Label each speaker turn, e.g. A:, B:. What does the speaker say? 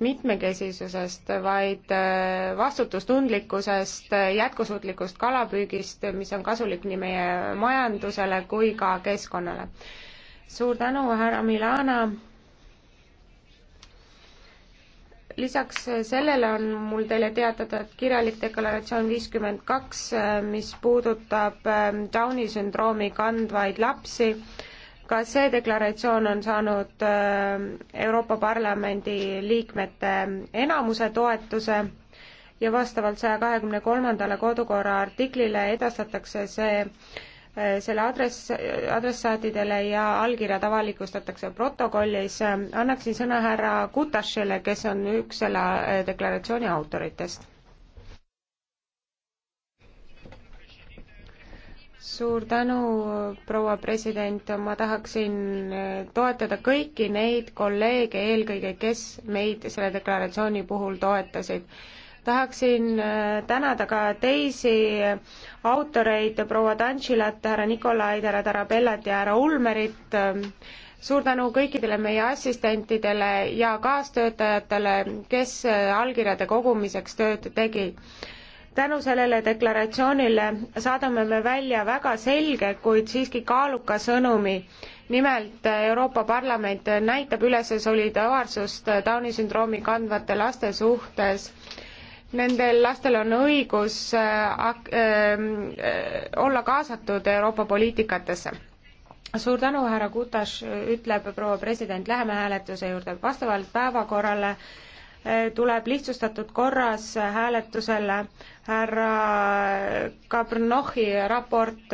A: mitmekesisusest, vaid äh, vastutustundlikkusest, jätkusuutlikust kalapüügist, mis on kasulik nii meie majandusele kui ka keskkonnale. suur tänu, härra Milana. lisaks sellele on mul teile teatada, et kirjalik deklaratsioon viiskümmend kaks, äh, mis puudutab äh, Downi sündroomi kandvaid lapsi ka see deklaratsioon on saanud äh, Euroopa Parlamendi liikmete enamuse toetuse ja vastavalt saja kahekümne kolmandale kodukorra artiklile edastatakse see äh, selle adress, adressaatidele ja allkirjad avalikustatakse protokollis. Äh, annaksin sõna härra Kutašile, kes on üks selle deklaratsiooni autoritest. suur tänu, proua president, ma tahaksin eh, toetada kõiki neid kolleege eelkõige, kes meid selle deklaratsiooni puhul toetasid. tahaksin eh, tänada ka teisi eh, autoreid, proua Tantšilat, härra Nikolaid, härra Tarabellat ja härra Ulmerit, suur tänu kõikidele meie assistentidele ja kaastöötajatele, kes allkirjade kogumiseks tööd tegid tänu sellele deklaratsioonile saadame me välja väga selge, kuid siiski kaaluka sõnumi. nimelt eh, Euroopa Parlament näitab üles solidaarsust Downi sündroomi kandvate laste suhtes nendel lastel on õigus äh, äh, olla kaasatud Euroopa poliitikatesse. suur tänu, härra Kutas, ütleb proua president, läheme hääletuse juurde. vastavalt päevakorrale tuleb lihtsustatud korras hääletusele härra Kabrnohhi raport